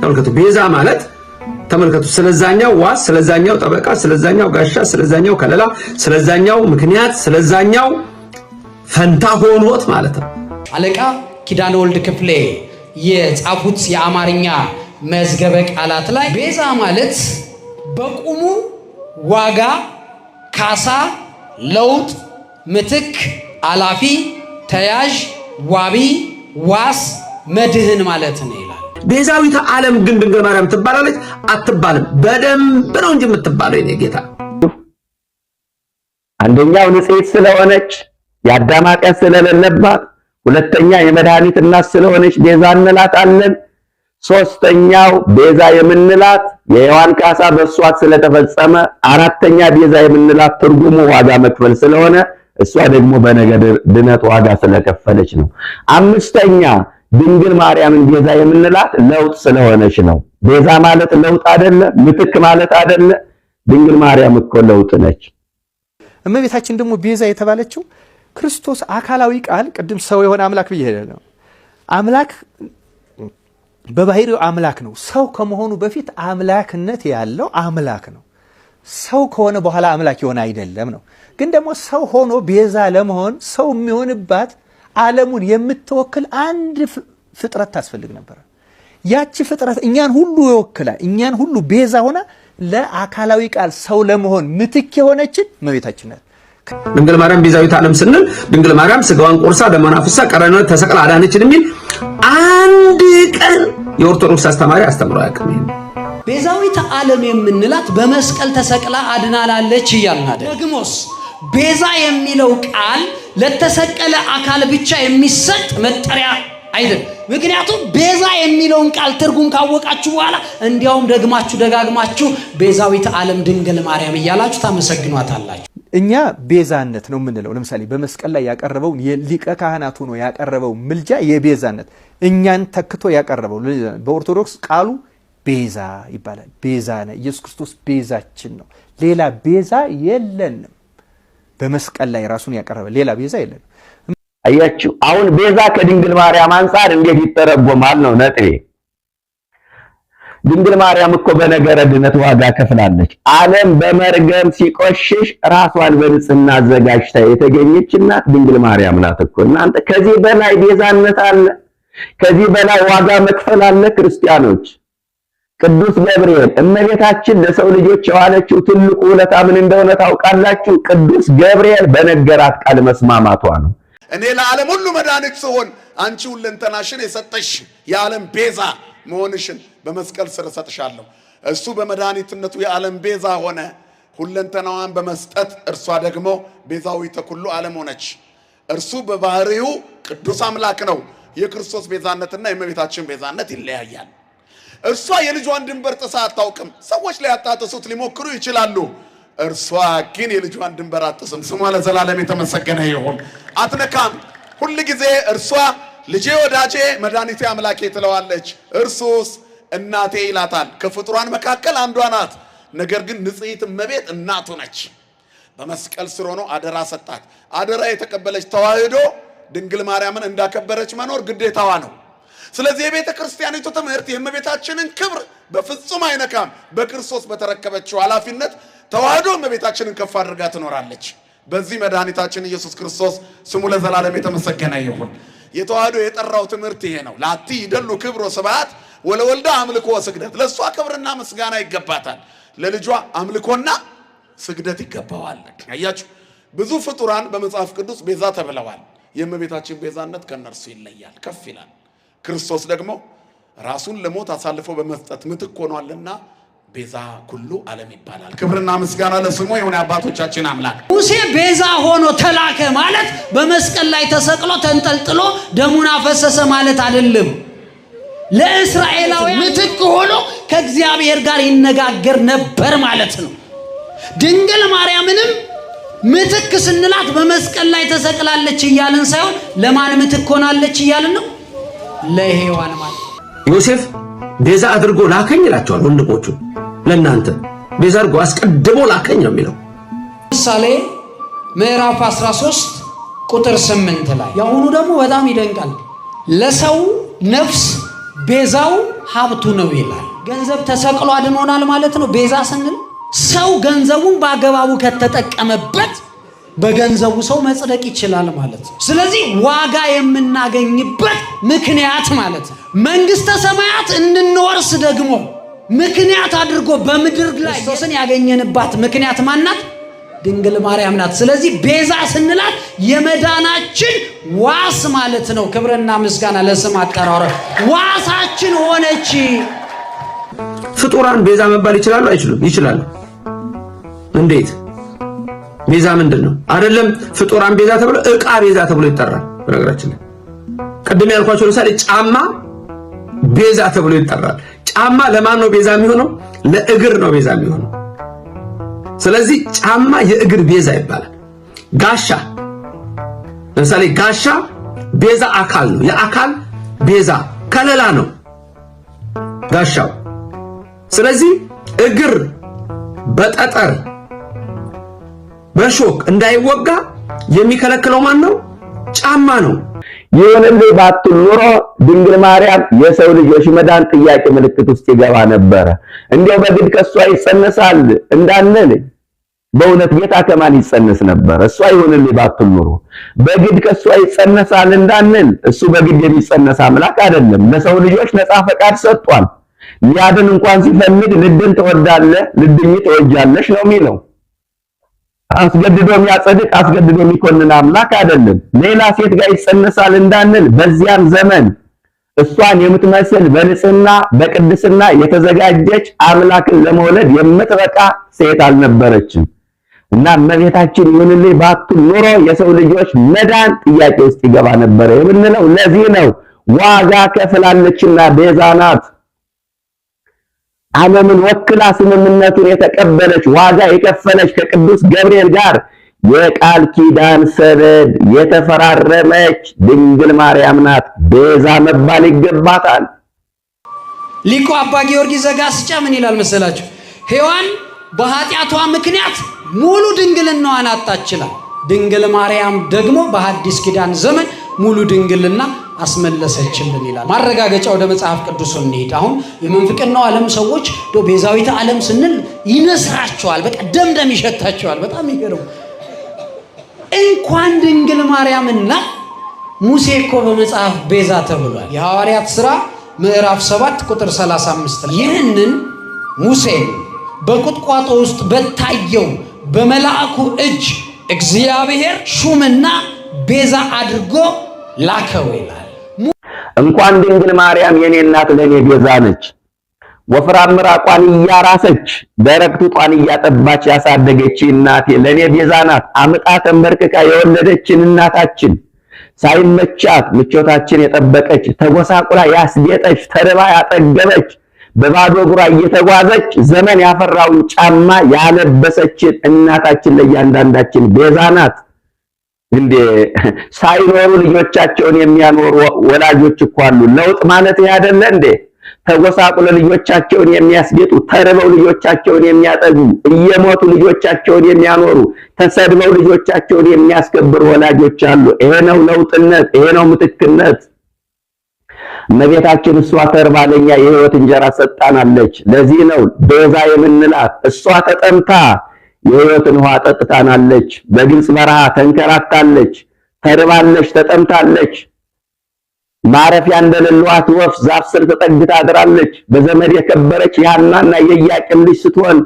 ተመልከቱ። ቤዛ ማለት ተመልከቱ፣ ስለዛኛው ዋስ፣ ስለዛኛው ጠበቃ፣ ስለዛኛው ጋሻ፣ ስለዛኛው ከለላ፣ ስለዛኛው ምክንያት፣ ስለዛኛው ፈንታ ሆኖት ማለት ነው። አለቃ ኪዳነ ወልድ ክፍሌ የጻፉት የአማርኛ መዝገበ ቃላት ላይ ቤዛ ማለት በቁሙ ዋጋ፣ ካሳ፣ ለውጥ፣ ምትክ፣ አላፊ፣ ተያዥ፣ ዋቢ፣ ዋስ፣ መድህን ማለት ነው። ቤዛዊተ ዓለም ግን ድንግል ማርያም ትባላለች አትባልም? በደንብ ነው እንጂ የምትባለው የኔ ጌታ። አንደኛው ንጽሕት ስለሆነች የአዳማ ስለሌለባት፣ ሁለተኛ የመድኃኒት እናት ስለሆነች ቤዛ እንላታለን። ሶስተኛው ቤዛ የምንላት የሔዋን ካሳ በእሷ ስለተፈጸመ፣ አራተኛ ቤዛ የምንላት ትርጉሙ ዋጋ መክፈል ስለሆነ እሷ ደግሞ በነገድ ድነት ዋጋ ስለከፈለች ነው። አምስተኛ ድንግል ማርያምን ቤዛ የምንላት ለውጥ ስለሆነች ነው። ቤዛ ማለት ለውጥ አይደለ? ምትክ ማለት አይደለ? ድንግል ማርያም እኮ ለውጥ ነች። እመቤታችን ደግሞ ቤዛ የተባለችው ክርስቶስ አካላዊ ቃል ቅድም ሰው የሆነ አምላክ ብዬ ነው። አምላክ በባህሪው አምላክ ነው። ሰው ከመሆኑ በፊት አምላክነት ያለው አምላክ ነው። ሰው ከሆነ በኋላ አምላክ የሆነ አይደለም ነው። ግን ደግሞ ሰው ሆኖ ቤዛ ለመሆን ሰው የሚሆንባት ዓለሙን የምትወክል አንድ ፍጥረት ታስፈልግ ነበር። ያቺ ፍጥረት እኛን ሁሉ ይወክላ እኛን ሁሉ ቤዛ ሆና ለአካላዊ ቃል ሰው ለመሆን ምትክ የሆነችን እመቤታችን ናት። ድንግል ማርያም ቤዛዊት ዓለም ስንል ድንግል ማርያም ስጋዋን ቆርሳ ደሟን አፍስሳ ቀራንዮ ተሰቅላ አዳነችን የሚል አንድ ቀን የኦርቶዶክስ አስተማሪ አስተምሮ አያውቅም። ቤዛዊት ዓለም የምንላት በመስቀል ተሰቅላ አድናላለች እያልን አይደል? ደግሞስ ቤዛ የሚለው ቃል ለተሰቀለ አካል ብቻ የሚሰጥ መጠሪያ አይደል። ምክንያቱም ቤዛ የሚለውን ቃል ትርጉም ካወቃችሁ በኋላ እንዲያውም ደግማችሁ ደጋግማችሁ ቤዛዊት ዓለም ድንግል ማርያም እያላችሁ ታመሰግኗታላችሁ። እኛ ቤዛነት ነው የምንለው። ለምሳሌ በመስቀል ላይ ያቀረበው የሊቀ ካህናት ሆኖ ያቀረበው ምልጃ የቤዛነት እኛን ተክቶ ያቀረበው በኦርቶዶክስ ቃሉ ቤዛ ይባላል። ቤዛ ነው ኢየሱስ ክርስቶስ ቤዛችን ነው። ሌላ ቤዛ የለንም። በመስቀል ላይ ራሱን ያቀረበ ሌላ ቤዛ የለም። አያችሁ፣ አሁን ቤዛ ከድንግል ማርያም አንጻር እንዴት ይተረጎማል ነው ነጥቤ። ድንግል ማርያም እኮ በነገረ ድነት ዋጋ ከፍላለች። ዓለም በመርገም ሲቆሽሽ ራሷን በንጽህና አዘጋጅታ የተገኘች እናት ድንግል ማርያም ናት እኮ። እናንተ ከዚህ በላይ ቤዛነት አለ? ከዚህ በላይ ዋጋ መክፈል አለ ክርስቲያኖች? ቅዱስ ገብርኤል እመቤታችን ለሰው ልጆች የዋለችው ትልቁ ውለታ ምን እንደሆነ ታውቃላችሁ? ቅዱስ ገብርኤል በነገራት ቃል መስማማቷ ነው። እኔ ለዓለም ሁሉ መድኃኒት ስሆን አንቺ ሁለንተናሽን የሰጠሽ የዓለም ቤዛ መሆንሽን በመስቀል ስር እሰጥሻለሁ። እሱ በመድኃኒትነቱ የዓለም ቤዛ ሆነ፣ ሁለንተናዋን በመስጠት እርሷ ደግሞ ቤዛዊተ ኩሉ ዓለም ሆነች። እርሱ በባህሪው ቅዱስ አምላክ ነው። የክርስቶስ ቤዛነትና የእመቤታችን ቤዛነት ይለያያል። እርሷ የልጇን ድንበር ጥሳ አታውቅም። ሰዎች ላይ ያጣጥሱት ሊሞክሩ ይችላሉ። እርሷ ግን የልጇን ድንበር አጥስም። ስሟ ለዘላለም የተመሰገነ ይሁን። አትነካም። ሁል ጊዜ እርሷ ልጄ፣ ወዳጄ፣ መድኃኒቴ፣ አምላኬ ትለዋለች። እርሱስ እናቴ ይላታል። ከፍጡራን መካከል አንዷ ናት። ነገር ግን ንጽሕት እመቤት እናቱ ነች። በመስቀል ስር ሆኖ አደራ ሰጣት። አደራ የተቀበለች ተዋህዶ ድንግል ማርያምን እንዳከበረች መኖር ግዴታዋ ነው። ስለዚህ የቤተ ክርስቲያኒቱ ትምህርት የእመቤታችንን ክብር በፍጹም አይነካም። በክርስቶስ በተረከበችው ኃላፊነት ተዋህዶ እመቤታችንን ከፍ አድርጋ ትኖራለች። በዚህ መድኃኒታችን ኢየሱስ ክርስቶስ ስሙ ለዘላለም የተመሰገነ ይሁን። የተዋህዶ የጠራው ትምህርት ይሄ ነው። ላቲ ይደሉ ክብሮ ስብሐት ወለወልዳ አምልኮ ስግደት። ለእሷ ክብርና ምስጋና ይገባታል፣ ለልጇ አምልኮና ስግደት ይገባዋል። አያችሁ ብዙ ፍጡራን በመጽሐፍ ቅዱስ ቤዛ ተብለዋል። የእመቤታችን ቤዛነት ከእነርሱ ይለያል፣ ከፍ ይላል። ክርስቶስ ደግሞ ራሱን ለሞት አሳልፎ በመስጠት ምትክ ሆኗልና ቤዛ ኩሉ ዓለም ይባላል። ክብርና ምስጋና ለስሙ የሆነ አባቶቻችን አምላክ ሙሴ ቤዛ ሆኖ ተላከ ማለት በመስቀል ላይ ተሰቅሎ ተንጠልጥሎ ደሙን አፈሰሰ ማለት አይደለም። ለእስራኤላውያን ምትክ ሆኖ ከእግዚአብሔር ጋር ይነጋገር ነበር ማለት ነው። ድንግል ማርያምንም ምትክ ስንላት በመስቀል ላይ ተሰቅላለች እያልን ሳይሆን ለማን ምትክ ሆናለች እያልን ነው። ለሔዋን ማለት ዮሴፍ ቤዛ አድርጎ ላከኝ ይላቸዋል ወንድሞቹ። ለእናንተ ቤዛ አድርጎ አስቀድሞ ላከኝ ነው የሚለው። ምሳሌ ምዕራፍ 13 ቁጥር 8 ላይ የአሁኑ ደግሞ በጣም ይደንቃል። ለሰው ነፍስ ቤዛው ሀብቱ ነው ይላል። ገንዘብ ተሰቅሎ አድኖናል ማለት ነው። ቤዛ ስንል ሰው ገንዘቡን በአገባቡ ከተጠቀመበት በገንዘቡ ሰው መጽደቅ ይችላል ማለት ነው። ስለዚህ ዋጋ የምናገኝበት ምክንያት ማለት ነው። መንግስተ ሰማያት እንድንወርስ ደግሞ ምክንያት አድርጎ በምድር ላይ ክርስቶስን ያገኘንባት ምክንያት ማናት? ድንግል ማርያም ናት። ስለዚህ ቤዛ ስንላት የመዳናችን ዋስ ማለት ነው። ክብርና ምስጋና ለስም አጠራረ ዋሳችን ሆነች። ፍጡራን ቤዛ መባል ይችላሉ አይችሉም? ይችላሉ። እንዴት ቤዛ ምንድን ነው? አይደለም ፍጡራን ቤዛ ተብሎ እቃ ቤዛ ተብሎ ይጠራል። በነገራችን ላይ ቅድም ያልኳቸው ለምሳሌ ጫማ ቤዛ ተብሎ ይጠራል። ጫማ ለማን ነው ቤዛ የሚሆነው? ለእግር ነው ቤዛ የሚሆነው። ስለዚህ ጫማ የእግር ቤዛ ይባላል። ጋሻ ለምሳሌ ጋሻ ቤዛ አካል ነው። የአካል ቤዛ ከለላ ነው ጋሻው። ስለዚህ እግር በጠጠር በሾክ እንዳይወጋ የሚከለክለው ማን ነው? ጫማ ነው። ይሁንም ባትል ኑሮ ድንግል ማርያም የሰው ልጆች መዳን ጥያቄ ምልክት ውስጥ ይገባ ነበረ። እንዲያው በግድ ከእሷ ይጸነሳል እንዳንል በእውነት ጌታ ከማን ይጸነስ ነበር? እሷ ይሁንልኝ ባትል ኑሮ በግድ ከእሷ ይጸነሳል እንዳንል፣ እሱ በግድ የሚጸነስ አምላክ አይደለም። ለሰው ልጆች ነፃ ፈቃድ ሰጥቷል። ሊያድን እንኳን ሲፈልግ ልድን ትወዳለህ፣ ልድኝ ትወጃለሽ ነው የሚለው አስገድዶ የሚያጸድቅ አስገድዶ የሚኮንን አምላክ አይደለም። ሌላ ሴት ጋር ይጸነሳል እንዳንል በዚያም ዘመን እሷን የምትመስል በንጽህና በቅድስና የተዘጋጀች አምላክን ለመውለድ የምትበቃ ሴት አልነበረችም እና እመቤታችን ይሁንልኝ ባቱ ኑሮ የሰው ልጆች መዳን ጥያቄ ውስጥ ይገባ ነበረ የምንለው ለዚህ ነው። ዋጋ ከፍላለችና ቤዛ ናት። ዓለምን ወክላ ስምምነቱን የተቀበለች ዋጋ የከፈለች ከቅዱስ ገብርኤል ጋር የቃል ኪዳን ሰነድ የተፈራረመች ድንግል ማርያም ናት። ቤዛ መባል ይገባታል። ሊቁ አባ ጊዮርጊስ ዘጋስጫ ምን ይላል መሰላችሁ? ሔዋን በኃጢአቷ ምክንያት ሙሉ ድንግልናዋን አጣችላል። ድንግል ማርያም ደግሞ በሐዲስ ኪዳን ዘመን ሙሉ ድንግልና አስመለሰችልን ይላል። ማረጋገጫ ወደ መጽሐፍ ቅዱስ እንሂድ። አሁን የምንፍቅናው ዓለም ሰዎች ቤዛዊተ ዓለም ስንል ይነስራቸዋል፣ በቃ ደምደም ይሸታቸዋል። በጣም ይገርም። እንኳን ድንግል ማርያምና ሙሴ እኮ በመጽሐፍ ቤዛ ተብሏል። የሐዋርያት ሥራ ምዕራፍ 7 ቁጥር 35 ይህንን ሙሴ በቁጥቋጦ ውስጥ በታየው በመላእኩ እጅ እግዚአብሔር ሹምና ቤዛ አድርጎ ላከው ይላል። እንኳን ድንግል ማርያም የኔ እናት ለኔ ቤዛ ነች። ወፍራም ምራቋን እያራሰች ደረቅ ጡጧን እያጠባች ያሳደገች እናቴ ለኔ ቤዛ ናት። አምጣ ተንበርክካ የወለደችን እናታችን ሳይመቻት ምቾታችን የጠበቀች ተጎሳቁላ ያስጌጠች ተርባ ያጠገበች በባዶ እግሯ እየተጓዘች ዘመን ያፈራውን ጫማ ያለበሰችን እናታችን ለእያንዳንዳችን ቤዛ ናት። እንዴ ሳይኖሩ ልጆቻቸውን የሚያኖሩ ወላጆች እኮ አሉ። ለውጥ ማለት ይሄ አይደለ እንዴ? ተጎሳቁለ ልጆቻቸውን የሚያስጌጡ፣ ተርበው ልጆቻቸውን የሚያጠጉ፣ እየሞቱ ልጆቻቸውን የሚያኖሩ፣ ተሰድበው ልጆቻቸውን የሚያስከብሩ ወላጆች አሉ። ይሄ ነው ለውጥነት፣ ይሄ ነው ምትክነት። እመቤታችን እሷ ተርባ ለኛ የህይወት እንጀራ ሰጣናለች። ለዚህ ነው ቤዛ የምንላት እሷ ተጠምታ የህይወትን ውሃ ጠጥታናለች፣ በግብፅ በረሃ ተንከራታለች፣ ተርባለች፣ ተጠምታለች። ማረፊያ እንደሌሏት ወፍ ዛፍ ስር ተጠግታ አድራለች። በዘመድ የከበረች ያናና የኢያቄም ልጅ ስትሆን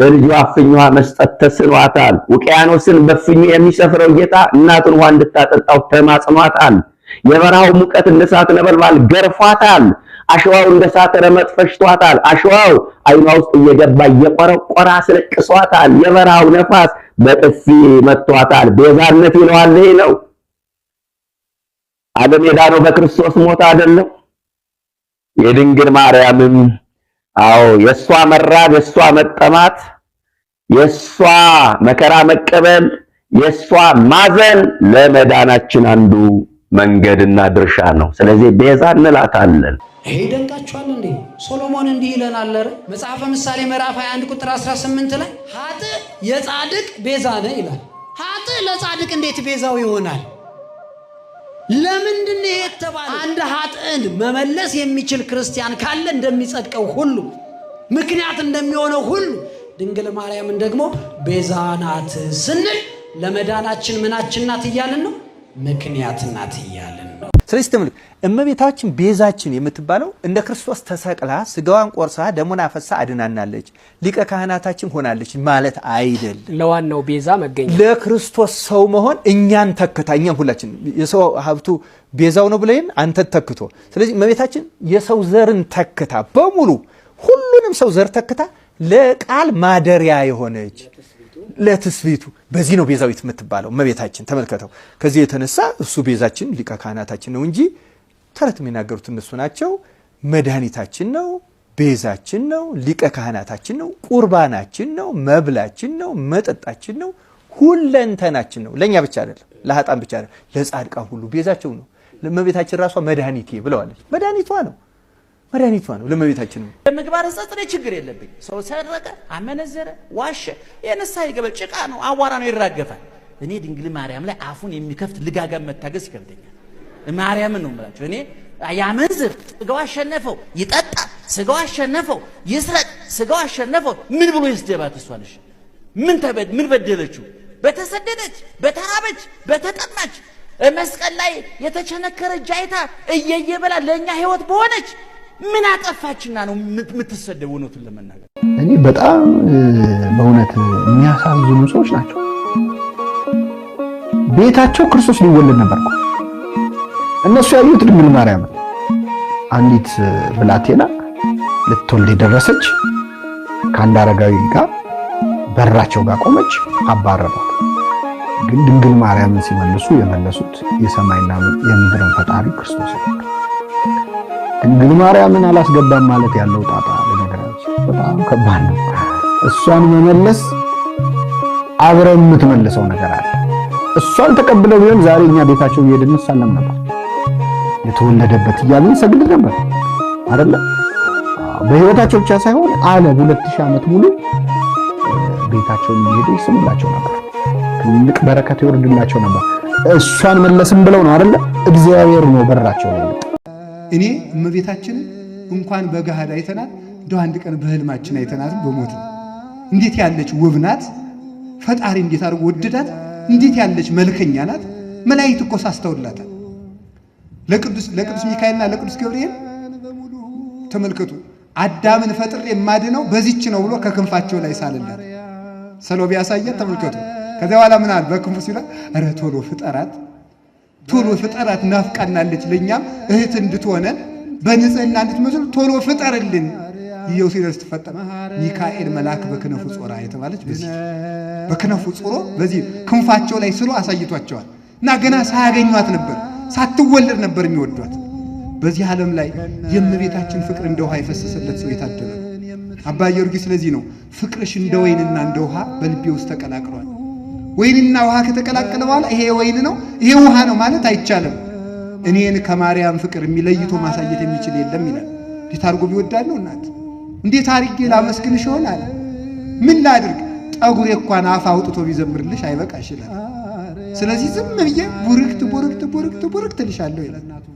ለልጇ እፍኝ ውሃ መስጠት ተስኗታል። ውቅያኖስን በእፍኙ የሚሰፍረው ጌታ እናቱን ውሃ እንድታጠጣው ተማጽኗታል። የበረሃው ሙቀት እንደ እሳት ነበልባል ገርፏታል። አሸዋው እንደ ሳተ መጥ ፈሽቷታል። አሸዋው አይኗ ውስጥ እየገባ እየቆረቆረ አስለቅሷታል። የበረሃው ነፋስ በጥፊ መቷታል። ቤዛነት ይለዋል። ይሄ ነው ዓለም የዳነው በክርስቶስ ሞት አይደለም። የድንግል ማርያምም አዎ የሷ መራብ፣ የሷ መጠማት፣ የሷ መከራ መቀበል፣ የሷ ማዘን ለመዳናችን አንዱ መንገድና ድርሻ ነው። ስለዚህ ቤዛ እንላታለን። ይሄ ይደንቃችኋል እንዴ? ሶሎሞን እንዲህ ይለናል። ኧረ መጽሐፈ ምሳሌ ምዕራፍ 21 ቁጥር 18 ላይ ሀጥ የጻድቅ ቤዛ ነ ይላል። ሀጥ ለጻድቅ እንዴት ቤዛው ይሆናል? ለምንድን ይሄ የተባለ? አንድ ሀጥን መመለስ የሚችል ክርስቲያን ካለ እንደሚጸድቀው ሁሉ ምክንያት እንደሚሆነው ሁሉ ድንግል ማርያምን ደግሞ ቤዛ ናት ስንል ለመዳናችን ምናችን ናት እያልን ነው፣ ምክንያት ናት እያልን ስለዚህ ተመልክ እመቤታችን ቤዛችን የምትባለው እንደ ክርስቶስ ተሰቅላ ስጋዋን ቆርሳ ደሞን አፈሳ አድናናለች፣ ሊቀ ካህናታችን ሆናለች ማለት አይደል ለዋናው ቤዛ መገኘ ለክርስቶስ ሰው መሆን እኛን ተክታ እኛም ሁላችን የሰው ሀብቱ ቤዛው ነው ብለይን አንተ ተክቶ፣ ስለዚህ እመቤታችን የሰው ዘርን ተክታ በሙሉ ሁሉንም ሰው ዘር ተክታ ለቃል ማደሪያ የሆነች ለትስቢቱ በዚህ ነው ቤዛዊት የምትባለው መቤታችን ተመልከተው። ከዚህ የተነሳ እሱ ቤዛችን ሊቀ ካህናታችን ነው እንጂ ተረት የሚናገሩት እነሱ ናቸው። መድኃኒታችን ነው፣ ቤዛችን ነው፣ ሊቀ ካህናታችን ነው፣ ቁርባናችን ነው፣ መብላችን ነው፣ መጠጣችን ነው፣ ሁለንተናችን ነው። ለእኛ ብቻ አይደለም፣ ለሀጣን ብቻ አይደለም፣ ለጻድቃ ሁሉ ቤዛቸው ነው። መቤታችን ራሷ መድኃኒቴ ብለዋለች። መድኃኒቷ ነው። መድኃኒቷ ነው ለመቤታችን ነው። በምግባር ሕጸጽ ላይ ችግር የለብኝ። ሰው ሰረቀ፣ አመነዘረ፣ ዋሸ፣ የነሳ ይገበል ጭቃ ነው፣ አዋራ ነው፣ ይራገፋል። እኔ ድንግል ማርያም ላይ አፉን የሚከፍት ልጋጋም መታገስ ይከብደኛል። ማርያምን ነው የምላቸው እኔ ያመንዝር ስጋው አሸነፈው፣ ይጠጣ ስጋው አሸነፈው፣ ይስረቅ ስጋው አሸነፈው። ምን ብሎ ይስደባት? እሷንሽ ምን ተበድ ምን በደለችው? በተሰደደች በተራበች በተጠማች መስቀል ላይ የተቸነከረች አይታ እየየበላ ለእኛ ህይወት በሆነች ምን አጠፋችና ነው የምትሰደው? እውነቱን ለመናገር እኔ በጣም በእውነት የሚያሳዝኑ ሰዎች ናቸው። ቤታቸው ክርስቶስ ሊወለድ ነበር። እነሱ ያዩት ድንግል ማርያም አንዲት ብላቴና ልትወልድ የደረሰች ከአንድ አረጋዊ ጋር በራቸው ጋር ቆመች፣ አባረሯት። ግን ድንግል ማርያምን ሲመልሱ የመለሱት የሰማይና የምድርን ፈጣሪ ክርስቶስ ነው። ግን ማርያምን አላስገባም ማለት ያለው ጣጣ በነገራችን በጣም ከባድ ነው። እሷን መመለስ አብረ የምትመልሰው ነገር አለ። እሷን ተቀብለው ቢሆን ዛሬ እኛ ቤታቸው እየሄድን ሳለም ነበር፣ የተወለደበት እያልን ሰግድ ነበር አይደለ? በህይወታቸው ብቻ ሳይሆን አለ ሁለት ሺህ ዓመት ሙሉ ቤታቸውን እየሄዱ ይስሙላቸው ነበር። ትልቅ በረከት ይወርድላቸው ነበር። እሷን መለስም ብለው ነው አይደለ? እግዚአብሔር ነው በራቸው ነው እኔ እመቤታችንን እንኳን በገሃድ አይተናት እንደው አንድ ቀን በህልማችን አይተናት በሞት እንዴት ያለች ውብ ናት! ፈጣሪ እንዴት አድርጎ ወደዳት! እንዴት ያለች መልከኛ ናት! መላእክት እኮ ሳስተውላታል። ለቅዱስ ለቅዱስ ሚካኤልና ለቅዱስ ገብርኤል ተመልከቱ አዳምን ፈጥሬ የማድነው በዚች ነው ብሎ ከክንፋቸው ላይ ሳልላት ሰሎ ቢያሳያት ተመልከቱ። ከዚያ በኋላ ምን አለ በክንፉ ሲላ ኧረ ቶሎ ፍጠራት ቶሎ ፍጠራት ናፍቃናለች። ለእኛም እህት እንድትሆነን በንጽህና እንድትመስል ቶሎ ፍጠርልን። ይኸው ሲደርስ ትፈጠር ሚካኤል መልአክ በክነፉ ጾራ የተባለች በዚህ በክነፉ ጾሮ በዚህ ክንፋቸው ላይ ስሎ አሳይቷቸዋል እና ገና ሳያገኟት ነበር ሳትወለድ ነበር የሚወዷት። በዚህ ዓለም ላይ የእመቤታችን ፍቅር እንደ ውሃ የፈሰሰለት ሰው የታደለ አባ ጊዮርጊስ። ስለዚህ ነው ፍቅርሽ እንደ ወይንና እንደ ውሃ በልቤ ውስጥ ተቀላቅሏል ወይንና ውሃ ከተቀላቀለ በኋላ ይሄ ወይን ነው ይሄ ውሃ ነው ማለት አይቻልም። እኔን ከማርያም ፍቅር የሚለይቶ ማሳየት የሚችል የለም ይላል። እንዴት አድርጎ ቢወዳል ነው እናት፣ እንዴት አድርጌ ላመስግንሽ አለ። ምን ላድርግ? ጠጉሬ እንኳን አፍ አውጥቶ ቢዘምርልሽ አይበቃሽ ይላል። ስለዚህ ዝም ብዬ ቡርክት ቡርክት ቡርክት ቡርክት ልሻለሁ ይላል።